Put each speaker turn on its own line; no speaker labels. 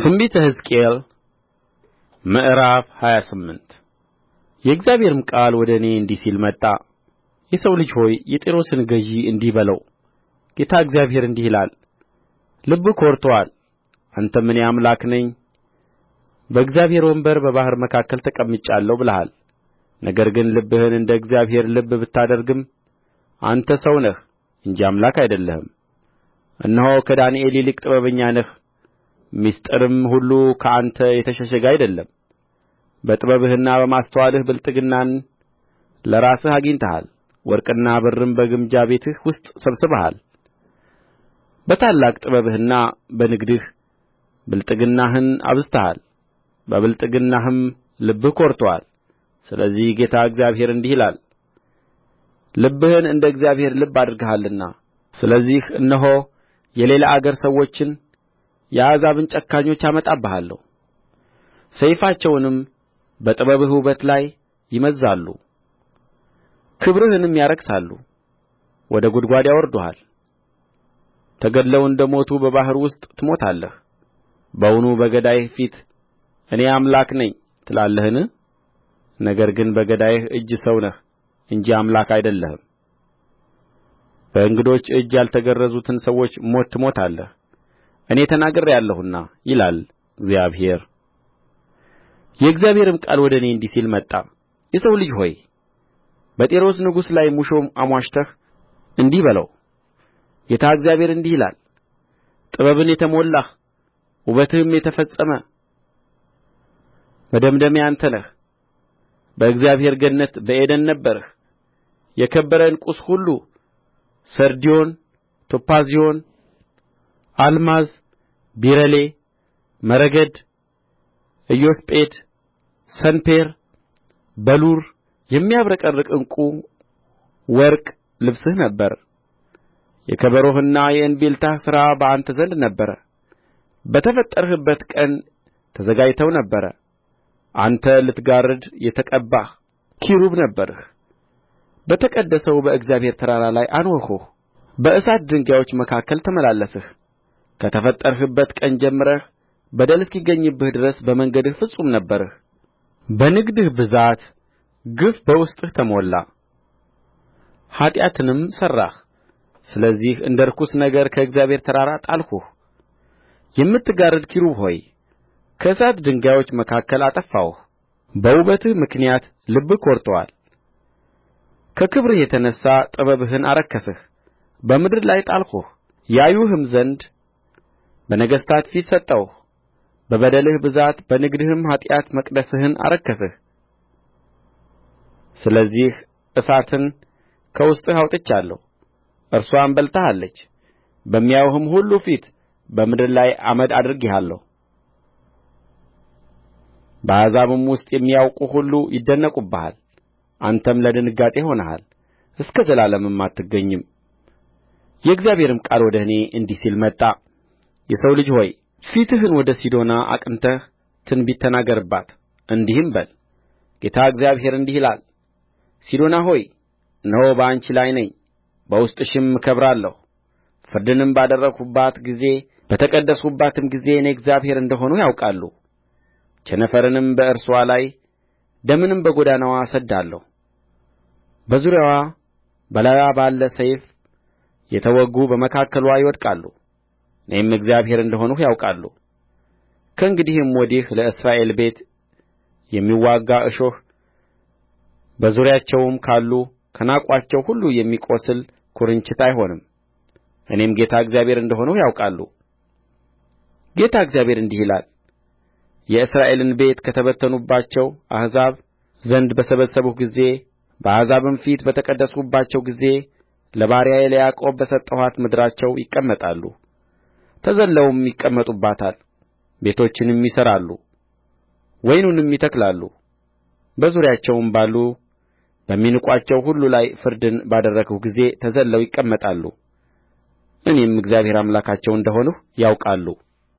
ትንቢተ ሕዝቅኤል ምዕራፍ ሃያ ስምንት የእግዚአብሔርም ቃል ወደ እኔ እንዲህ ሲል መጣ የሰው ልጅ ሆይ የጢሮስን ገዥ እንዲህ በለው ጌታ እግዚአብሔር እንዲህ ይላል ልብህ ኰርቶአል አንተም እኔ አምላክ ነኝ በእግዚአብሔር ወንበር በባሕር መካከል ተቀምጫለሁ ብለሃል ነገር ግን ልብህን እንደ እግዚአብሔር ልብ ብታደርግም አንተ ሰው ነህ እንጂ አምላክ አይደለህም እነሆ ከዳንኤል ይልቅ ጥበበኛ ነህ ምሥጢርም ሁሉ ከአንተ የተሸሸገ አይደለም በጥበብህና በማስተዋልህ ብልጥግናን ለራስህ አግኝተሃል ወርቅና ብርም በግምጃ ቤትህ ውስጥ ሰብስበሃል በታላቅ ጥበብህና በንግድህ ብልጥግናህን አብዝተሃል በብልጥግናህም ልብህ ኰርቶአል ስለዚህ ጌታ እግዚአብሔር እንዲህ ይላል ልብህን እንደ እግዚአብሔር ልብ አድርገሃልና ስለዚህ እነሆ የሌላ አገር ሰዎችን የአሕዛብን ጨካኞች አመጣብሃለሁ ሰይፋቸውንም በጥበብህ ውበት ላይ ይመዝዛሉ ክብርህንም ያረክሳሉ ወደ ጕድጓድ ያወርዱሃል ተገድለው እንደ ሞቱ በባሕር ውስጥ ትሞታለህ በውኑ በገዳይህ ፊት እኔ አምላክ ነኝ ትላለህን ነገር ግን በገዳይህ እጅ ሰው ነህ እንጂ አምላክ አይደለህም በእንግዶች እጅ ያልተገረዙትን ሰዎች ሞት ትሞታለህ እኔ ተናግሬአለሁና ይላል እግዚአብሔር የእግዚአብሔርም ቃል ወደ እኔ እንዲህ ሲል መጣ የሰው ልጅ ሆይ በጢሮስ ንጉሥ ላይ ሙሾ አሞሽተህ እንዲህ በለው ጌታ እግዚአብሔር እንዲህ ይላል ጥበብን የተሞላህ ውበትህም የተፈጸመ መደምደሚያ አንተ ነህ በእግዚአብሔር ገነት በኤደን ነበርህ የከበረ ዕንቍስ ሁሉ ሰርድዮን ቶጳዝዮን አልማዝ ቢረሌ መረግድ ኢያስጲድ ሰንፔር በሉር የሚያብረቀርቅ ዕንቍ ወርቅ ልብስህ ነበረ የከበሮህና የእንቢልታህ ሥራ በአንተ ዘንድ ነበረ በተፈጠርህበት ቀን ተዘጋጅተው ነበር አንተ ልትጋርድ የተቀባህ ኪሩብ ነበርህ በተቀደሰው በእግዚአብሔር ተራራ ላይ አኖርሁህ በእሳት ድንጋዮች መካከል ተመላለስህ ከተፈጠርህበት ቀን ጀምረህ በደል እስኪገኝብህ ድረስ በመንገድህ ፍጹም ነበርህ በንግድህ ብዛት ግፍ በውስጥህ ተሞላ ኃጢአትንም ሠራህ ስለዚህ እንደ ርኩስ ነገር ከእግዚአብሔር ተራራ ጣልሁህ የምትጋርድ ኪሩብ ሆይ ከእሳት ድንጋዮች መካከል አጠፋሁህ በውበትህ ምክንያት ልብህ ኰርቶአል ከክብርህ የተነሣ ጥበብህን አረከስህ በምድር ላይ ጣልሁህ ያዩህም ዘንድ በነገሥታት ፊት ሰጠሁህ በበደልህ ብዛት በንግድህም ኃጢአት መቅደስህን አረከስህ ስለዚህ እሳትን ከውስጥህ አውጥቻለሁ እርስዋም በልታሃለች በሚያዩህም ሁሉ ፊት በምድር ላይ አመድ አድርጌሃለሁ በአሕዛብም ውስጥ የሚያውቁህ ሁሉ ይደነቁብሃል አንተም ለድንጋጤ ሆነሃል እስከ ዘላለምም አትገኝም የእግዚአብሔርም ቃል ወደ እኔ እንዲህ ሲል መጣ የሰው ልጅ ሆይ ፊትህን ወደ ሲዶና አቅንተህ ትንቢት ተናገርባት እንዲህም በል ጌታ እግዚአብሔር እንዲህ ይላል ሲዶና ሆይ እነሆ በአንቺ ላይ ነኝ በውስጥሽም እከብራለሁ ፍርድንም ባደረግሁባት ጊዜ በተቀደስሁባትም ጊዜ እኔ እግዚአብሔር እንደ ሆንሁ ያውቃሉ ቸነፈርንም በእርስዋ ላይ ደምንም በጎዳናዋ እሰድዳለሁ በዙሪያዋ በላይዋ ባለ ሰይፍ የተወጉ በመካከልዋ ይወድቃሉ እኔም እግዚአብሔር እንደ ሆንሁ ያውቃሉ ከእንግዲህም ወዲህ ለእስራኤል ቤት የሚዋጋ እሾህ በዙሪያቸውም ካሉ ከናቁአቸው ሁሉ የሚቈስል ኵርንችት አይሆንም እኔም ጌታ እግዚአብሔር እንደ ሆንሁ ያውቃሉ ጌታ እግዚአብሔር እንዲህ ይላል የእስራኤልን ቤት ከተበተኑባቸው አሕዛብ ዘንድ በሰበሰብሁ ጊዜ በአሕዛብም ፊት በተቀደስሁባቸው ጊዜ ለባሪያዬ ለያዕቆብ በሰጠኋት ምድራቸው ይቀመጣሉ ተዘልለውም ይቀመጡባታል ቤቶችንም ይሠራሉ ወይኑንም ይተክላሉ በዙሪያቸውም ባሉ በሚንቋቸው ሁሉ ላይ ፍርድን ባደረግሁ ጊዜ ተዘልለው ይቀመጣሉ እኔም እግዚአብሔር አምላካቸው እንደ ሆንሁ ያውቃሉ